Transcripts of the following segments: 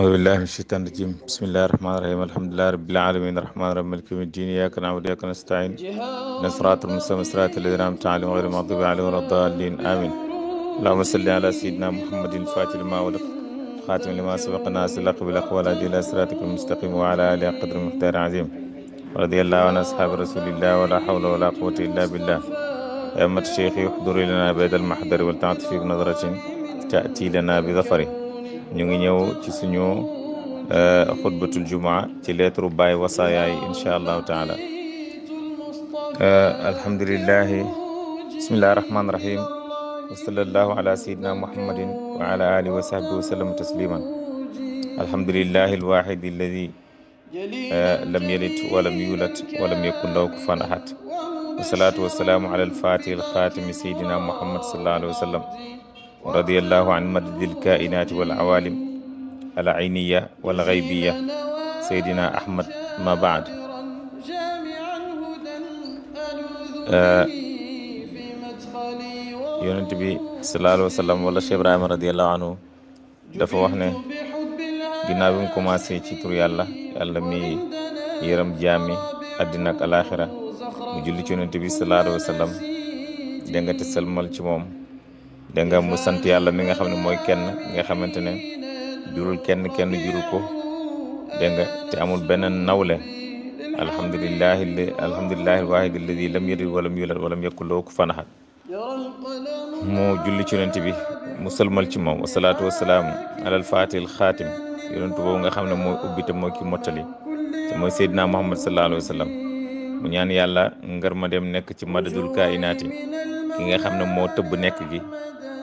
aoudubillahi min sheytan rajim bismillahi rahmani rahim alhamdulilahi rabbil alamin rahmani rahim maliki yawmi din iyyaka na'budu wa iyyaka nasta'in ihdinas siratal mustaqim siratal ladhina an'amta alayhim ghayril maghdubi alayhim waladdallin amin allahumma salli ala sayyidina muhammadin fatil ma walaq khatim lima sabaqa nasil haqq bil haqq wal hadi ila siratikal mustaqim wa ala alihi qadri miqdar azim radiyallahu an ashabi rasulillah wala hawla wala quwwata illa billah ya mat shaykhi uhduri lana baydal mahdari wal ta'ti fi nadratin ta'ti lana bi dhafari ñu ngi ñëw ci suñu euh, xutbatul jumaa ci lettre baay wasaayaay incha allahu taala euh, alhamdulilahi bismillahi rahmaani rahim wa sallallahu ala sayidina muhammadin wa ala alihi wa sahbihi wa sallam tasliman alhamdulilahi alwaxidi alladi euh, lam yalid wa lam yulad wa lam yakun lahu kufuwan ahad wasalaatu wasalaamu ala alfatih alxaatimi sayidina muhammad sallallahu alayhi wa sallam radiyallahu an madadil kainaati wal awalim al ayniya wal xaybiya seydina ahmad ma baad uh, yonent bi sallallahu alayhi wa sallam wala Cheikh Ibrahima radiyallahu anhu dafa wax ne ginnaaw bi mu commencé ci tur yàlla yàlla mi yërëm jaami àddina ak alaaxira mu julli ci yonent bi sallallahu alayhi wa sallam dégg nga te salmal ci moom dégg nga mu sant yàlla mi nga xam ne mooy kenn nga xamante ne jurul kenn kenn jurul ko dégg te amul benn nawle alhamdulilahi alhamdulilahi alwaahidi alladi lam yalid walam yulad walam yakun lahu kufuwan mu julli ci yonent bi mu sëlmal ci moom wasalaatu wasalaam alal faatihil xaatim yonent boobu nga xam ne mooy ubbi te mooy ki mottali te mooy Seydina Muhammad sallallahu alayhi wa mu ñaan yàlla ngar ma dem nekk ci madadul kainaati ki nga xam ne moo tëbb nekk gi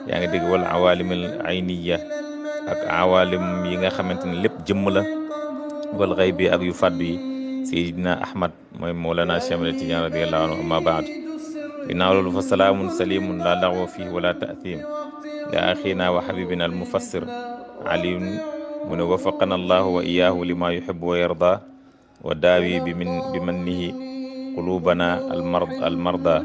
yaa ngi dégg wala awalimul ayniya ak awalim yi nga xamante ne lépp jëmm la wal xëy bi ak yu fàddu yi sayidina ahmad mooy mawlana chamila tidian radiallahu anhu amma baad ginnaaw loolu fa salaamun salimun la laxwa fii wala taathim li axina wa xabibina al mufassir aliyun mu ne wafaqana allahu wa iyaahu lima yuxibu wa yarda wa daawi bi min bi mannihi qulubana almard almarda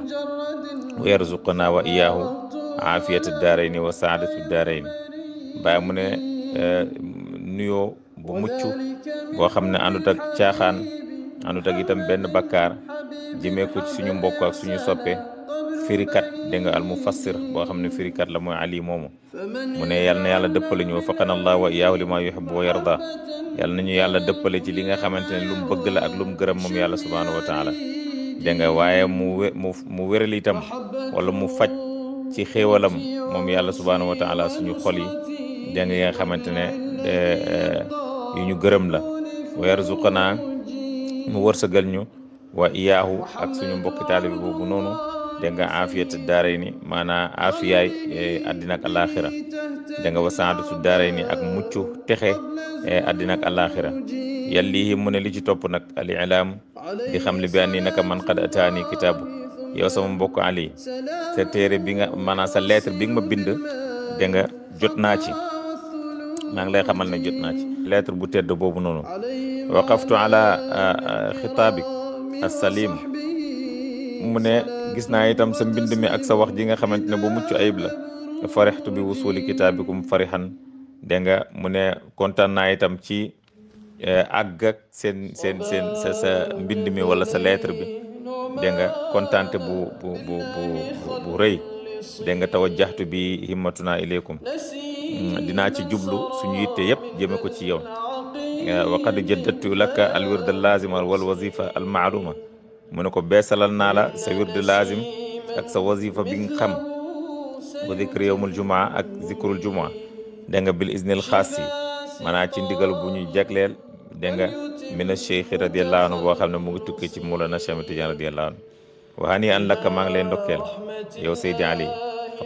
wa yarzuqana wa iyaahu aafiyatu daarayni wa saadatu daarayni bàyyi mu ne e, nuyoo bu mucc boo xam ne àndut ak caaxaan àndut ak itam benn bakaar jëmee ko ci suñu mbokk ak suñu soppe firikat dégg nga mu mufassir boo xam ne firikat la mooy ali moomu mu ne yal na yàlla dëppale ñu wa faqana allah wa yàlla dëppale ci li nga xamante ne lu bëgg la ak lu mu gërëm moom yàlla subhanahu wa taala mu mu itam wala mu faj ci xéewalam moom yàlla subhaanahu wa taala suñu xol yi jàng yi nga xamante ne eh, ñu gërëm la wa yarzuqanaa mu wërsëgal ñu wa iyaahu ak suñu mbokki taalibi boobu noonu dégg nga aafiyatu daaray ni maanaam aafiyaay addina eh, ak alaaxira dégg nga wa saadatu daaray ni ak mucc texe addina eh, ak alaaxira yàlla mu ne li ci topp nag al ilaam di xam li bi an man qad ataani kitaabu yow sama mbokk Ali sa téere bi nga maanaam sa lettre bi ma bind da nga jot naa ci maa ngi lay xamal na jot naa ci lettre bu tedd boobu noonu waqaftu ala xitaabik assalim mu ne gis naa itam sa mbind mi ak sa wax ji nga xamante ne bu mucc ayib la farixtu bi wusuli kitaabikum farixan da nga mu ne kontaan na itam ci e, àgg ak seen seen seen sa sa mbind mi wala sa lettre bi dégg nga kontaante bu bu bu bu bu rëy dégg nga taw a jaxtu bi himmatuna ilaykum mm, dinaa ci jublu suñu yitte yëpp jëme ko ci yow wa qad jaddatu laka al wird al lazim wal wazifa al maaluma mu ne la sa wird lazim ak sa wazifa bi nga xam wa zikri yowmul ak zikrul jumaa dégg nga bil iznil xaas yi maanaa ci ndigal bu ñu jagleel mina cheikhi radiallahu anhu boo xam ne mu ngi tukki ci Mawlana Cheikh Tidiane radiallahu anhu waxaan yi an lakka maa ngi lay ndokkeel yow Seydi Ali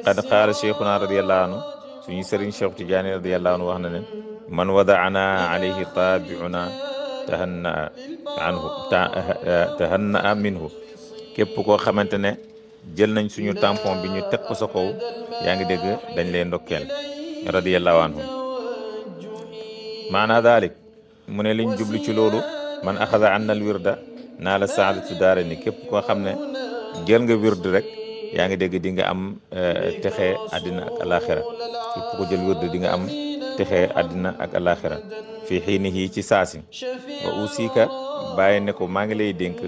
faqad qaala cheikhuna radiallahu anhu suñu sëriñ Cheikh Tidiane radiallahu anhu wax na ne man wadaana alayhi taabiuna tahannaa anhu tahannaa minhu képp koo xamante ne jël nañ suñu tampon bi ñu teg ko sa kaw yaa ngi dégg dañ lay ndokkeel radiallahu anhu mu ne liñ jublu ci loolu man axada annal wirda naa la saadatu daara ni képp koo xam ne jël nga wird rek yaa ngi dégg di nga am eh, texe àddina ak alaxira képp ko jël wird di nga am texe àddina ak alaxira fii xiinihi ci saasi wa usika bàyyi ne ko maa ngi lay dénk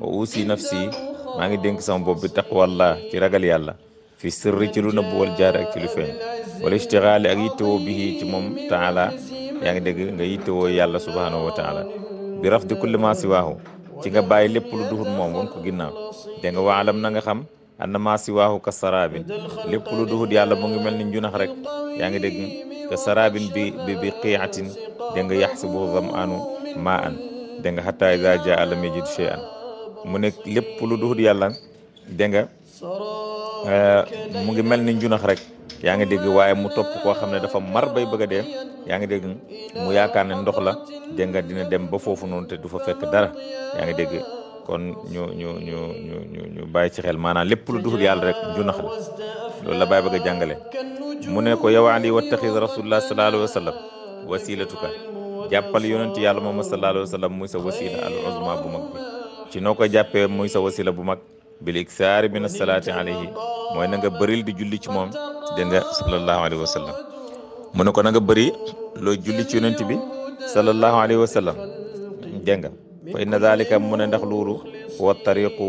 wa usi nafsi maa ngi dénk sama bopp bi taqwallah ci ragal yàlla fi sirri ci lu nëbb wal jaar ak ci lu feeñ wala istigaali ak yittewoo bihi ci moom taala yaa ngi dégg nga yittewoo yàlla subhaanahu wa taala bi raf di kulli maa si waahu ci nga bàyyi lépp lu duhut moom won ko ginnaaw dégg nga waalam na xam ànd maa si waahu ka saraabin lépp lu duhut yàlla mu ngi mel ni njunax rek yaa ngi dégg ka bi bi dégg nga yaxsibuhu zam'aanu maa an dégg nga xataa idaa jaa lam yajid shay'an mu ne lépp lu yàlla dégg nga euh, mu ngi mel ni njunax rek yaa ngi dégg waaye mu topp koo xam ne dafa mar bay bëgg a dee yaa ngi dégg mu yaakaar ne ndox la dégg nga dina dem ba foofu noonu te du fa fekk dara yaa ngi dégg kon ñu ñu ñu ñu ñu ñu bàyyi ci xel maanaam lépp lu duxul yàlla rek ju nax la loolu la bàyyi bëgg a jàngale mu ne ko yow ali wattaxid rasulullah sallallahu alayhi wa sallam wasilatuka jàppal yonent yàlla moom sallallahu alayhi wa sallam muy sa bu mag bi noo koy jàppee muy sa wasila bu mag bil iksaari min asalaati alayhi mooy na nga bëril di julli ci moom dégg nga sallallahu alayhi wa sallam mu ne ko na nga bëri looy julli ci yonent bi sallallahu alayhi wa sallam dégg nga fa inna dalika mu ne ndax loolu wa tariqu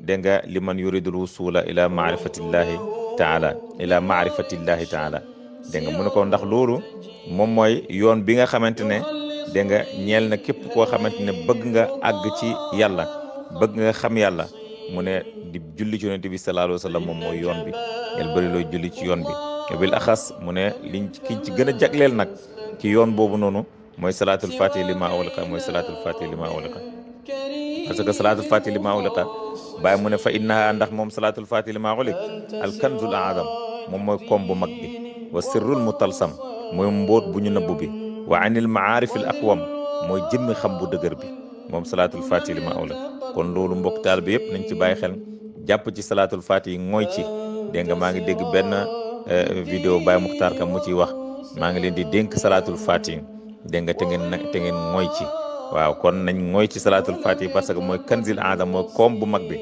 dégg nga liman yuridul wusula ila maarifatillahi taala ila maarifatillahi taala dégg nga mu ne ko ndax loolu moom mooy yoon bi nga xamante ne dégg nga ñeel na képp koo xamante ne bëgg nga àgg ci yàlla bëgg nga xam yàlla mu ne di julli ci yonent bi sallallahu moom mooy yoon bi del bëri looy julli ci yoon bi bil axas mu li liñ kiñ gën a jagleel nag ci yoon boobu noonu mooy salaatul fatih li ma awliqa mooy salaatul fatih li ma awliqa parce que salaatul fatih li ma awliqa bàyyi mu ne fa innaha ndax moom salaatul fatih li ma awliq alkanzul aadam moom mooy koom bu mag bi wa sirrul mutalsam mooy mboot bu ñu nëbb bi wa anil maarifil aqwam mooy jëmmi xam bu dëgër bi moom salaatul fatih li ma awliq kon loolu mbokk taal bi yëpp nañ ci bàyyi xel jàpp ci salaatul fatih ngooy ci dégg nga maa ngi dégg benn euh, vidéo Baye Muxtaar Ka mu ciy wax maa ngi leen di dénk salaatul faati dégg nga te ngeen nag te ngeen mooy ci waaw kon nañ mooy ci salaatul faati parce que mooy kanzil adam mooy koom bu mag bi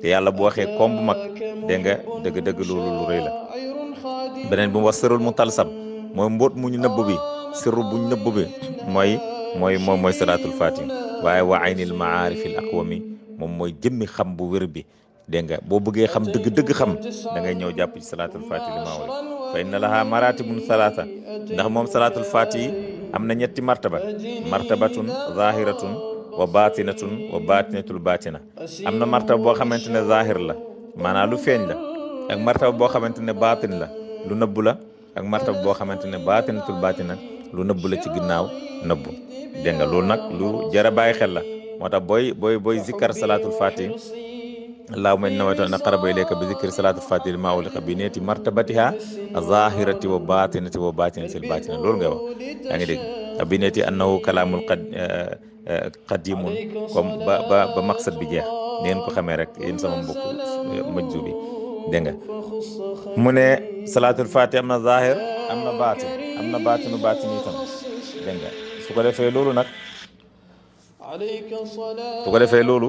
te yàlla bu waxee koom bu mag dégg nga dëgg-dëgg loolu lu rëy la beneen bi mu wax sërul mu talsam mooy mbóot mu ñu nëbb bi sërru bu ñu nëbb bi mooy mooy mooy mooy salaatul faati waaye wa aynil maarifil aqwami moom mooy jëmmi xam bu wér bi dégg nga boo bëggee xam dëgg-dëgg xam da ngay ñëw jàpp ci salaatul faati li maawla fa inna laha maratibun salaasa ndax moom salaatul faati am na ñetti martaba martabatun zahiratun wa batinatun wa batinatul batina am na martaba boo xamante ne zahir la maanaam lu feeñ la ak martaba boo xamante ne batin la lu nëbbu la ak martaba boo xamante ne batinatul batina lu nëbbu la ci ginnaaw nëbbu dégg nga loolu nag lu jar a bàyyi xel la moo tax booy booy booy zikkar salaatul faati اللهم إنا وجعلنا قرب إليك بذكر صلاة الفاتحة ما أغلق بنية مرتبتها الظاهرة وباطنة وباطنة الباطنة loolu nga wax yaa ngi dégg bineti annahu kalaamul qad eh, eh, qadimun comme ba ba ba maqsad bi jeex ni ngeen ko xamee rek yéen sama mbokk eh, majju bi dégg nga mu ne salaatul fatiha na zahir am na baatin am na baatinu baatin itam dégg nga su ko loolu nag su ko defee loolu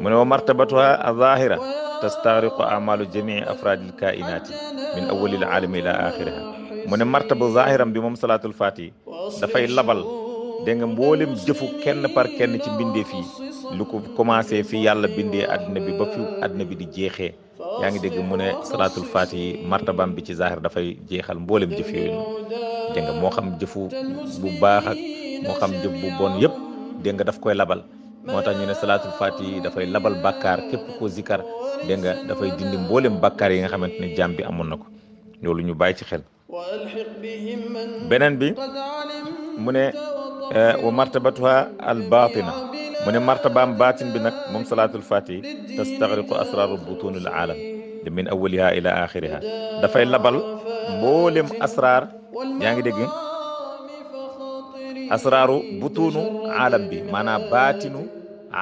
mu ne wa martabatuha azahira tastaxriqu amalu jamii afraadil kainaati min awalil alami ila axiriha mu ne martaba zahiram bi moom salaatul faati dafay labal dégg nga mboolem jëfu kenn par kenn ci mbindeef yi lu ko commencé fi yàlla bindee àddina bi ba fi àddina bi di jeexee yaa ngi dégg mu ne salaatul faati martabam bi ci zahir dafay jeexal mboolem jëf yooyu dégg nga moo xam jëfu bu baax ak moo xam jëf bu bon yëpp dégg nga daf koy labal moo tax ñu ne salaatul fatihi dafay labal bàkkaar képp ko zikar dégg nga dafay dindi mboolem bàkkaar yi nga xamante ne jàmm bi amoon na ko loolu ñu bàyyi ci xel beneen bi mu ne eh, wa martabatuha al batina mu ne martabaam baatin bi nag moom salaatul fatihi tastaxriqu asraaru butunil aalam de min awaliha ila axiriha dafay labal mboolem asraar yaa ngi dégg asraaru butuunu aalam bi maanaam baatinu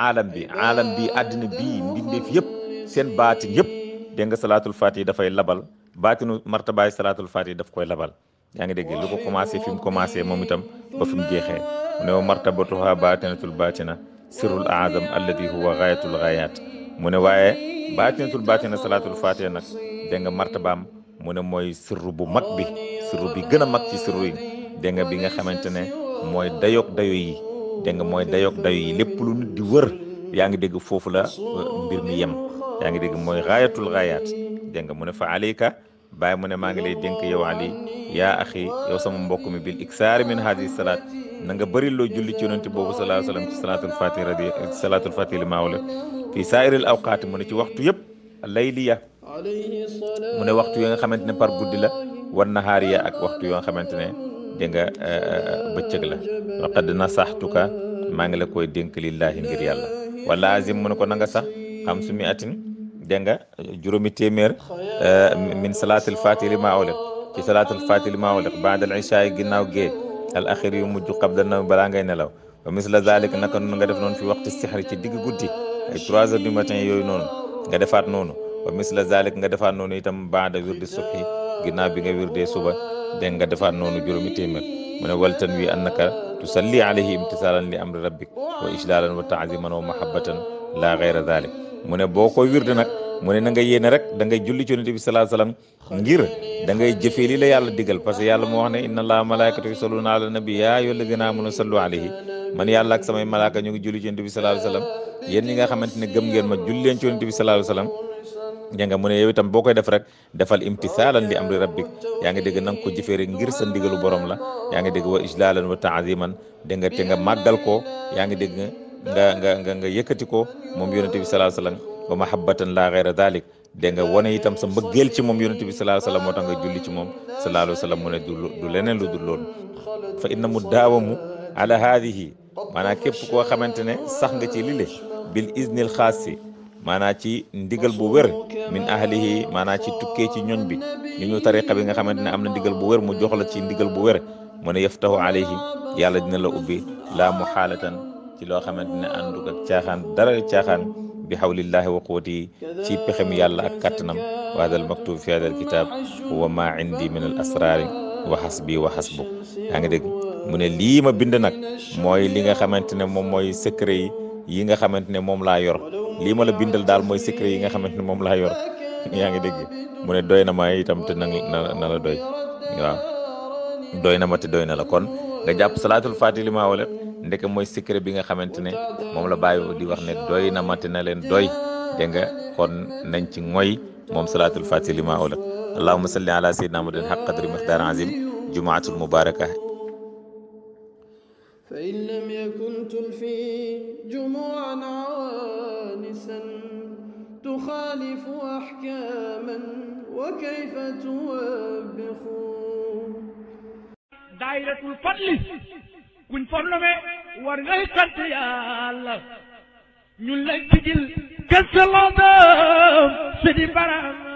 aalam bi aalam bi àddina bii mbindeef yëpp seen baatin yëpp dégg nga salaatul faati dafay labal baatinu martabaay salaatul faati daf koy labal yaa ngi dégg lu ko commencé fi mu commencé moom itam ba fi mu jeexee mu ne wa martabatuha baatinatul baatina sirrul aazam alladi huwa gaayatul gaayaat mu ne waaye baatinatul baatina salaatul faati nag dégg nga martabaam mu ne mooy sirru bu mag bi sirru bi gën a mag ci sirru yi dégg nga bi nga xamante ne mooy dayoog dayo dégg nga mooy dayoog dayo lépp lu nit wër yaa ngi dégg foofu la euh, mbir mi yem yaa ngi dégg mooy raayatul raayaat dégg nga mu ne fa alayka bàyyi mu ne maa ngi lay denk yow ali yaa axi yow sama mbokk mi bil iksaari min haadi salaat na nga bëri julli ci yonente boobu salaa salaam ci salaatul fatih radi salaatul fatih li maawla fii saairil awqaati mu ci waxtu yëpp layliya mu ne waxtu yoo nga xamante ne par guddi la wan nahaariya ak waxtu yoo nga xamante ne dégg nga euh, euh, bëccëg la waqad nasaxtuka maa ngi la koy dénk lillaahi ngir yàlla wala azim mu ne ko na nga sax xam su mi atin dégg nga juróomi téeméer euh, min salaatil faati li maa awliq ci salaatil faati li maa awliq baadal ishaay ginnaaw gee yu mujj qabla na balaa ngay nelaw wa misla zalik naka noonu nga def noon fi waxtu sixri ci digg guddi ay 3 heures du yooyu noonu nga defaat noonu wa misla zalik nga defaat noonu itam baada wirdi subhi ginnaaw bi nga wirdee suba dégg nga defaat noonu juróomi téeméer mu ne wal tan wi annaka tusalli alayhi imtisaalan li amri rabbik wa islaalan wa taaziman wa mahabbatan la gayra dalik mu ne boo koy wirde nag mu ne na nga yéene rek dangay julli ci yonent bi salaa salaam ngir da ngay la yàlla digal parce que yàlla moo wax ne inna allaha malaikatu yusalluna ala nabi yaa ayyuha alladina amanu sallu alayhi man yàlla ak samay malaaka ñu ngi julli ci yonent bi salaa salaam yéen nga xamante ne gëm ma julli leen ci yonent bi dégg nga mu ne boo koy def rek defal imtisaalan li amri rabbik yaa ngi dégg na ko jëfee rek ngir sa ndigalu borom la yaa ngi dégg wa ijlaalan wa taaziman dégg nga te nga màggal ko yaa ngi dégg nga nga nga nga yëkkati ko moom yonente bi salaa sallam wa mahabbatan laa gayra dalik dégg nga wane itam sa mbëggeel ci moom yonente bi salaa sallam moo tax nga julli ci moom salaa alayhi wa sallam mu ne du du leneen lu dul loolu fa inna mu daawamu ala haadihi maanaam képp koo xamante ne sax nga ci lile bil iznil xaas si maanaa ci ndigal bu wér min ahlihi maanaa ci tukkee ci ñoñ bi ñu ñu tariqa bi nga xamante ne am na ndigal bu wér mu jox la ci ndigal bu wér mu ne yaftahu alayhi yàlla dina la ubbi laa muxaalatan ci loo xamante ne àndug caaxaan dara caaxaan bi xawlillahi wa quwwatihi ci pexem yàlla ak kàttanam wa hada al maktub fi hada al kitab wa maa indi min al asraari wa xasbi wa xasbu yaa ngi dégg mu ne lii ma bind nag mooy li nga xamante ne moom mooy secret yi yi nga xamante ne moom laa yor lii ma la bindal daal mooy secret yi nga xamante ne moom laa yor yaa ngi dégg mu ne doy na ma itam te na na la doy waaw doy na ma te doy na la kon nga jàpp salaatul faati li maa wala ndeke mooy secret bi nga xamante ne moom la bàyyi di wax ne doy na ma te na leen doy dégg nga kon nañ ci ngoy moom salaatul faati li maa wala allahumma salli ala sayyidina muhammadin haqq jumaatul mubaraka فإن لم يكن تلفي جموعا عوام خامسا تخالف أحكاما وكيف توبخ دائرة الفضل كن فرنمي ورغي قد يا الله ñu la jigil kese la doom si di baram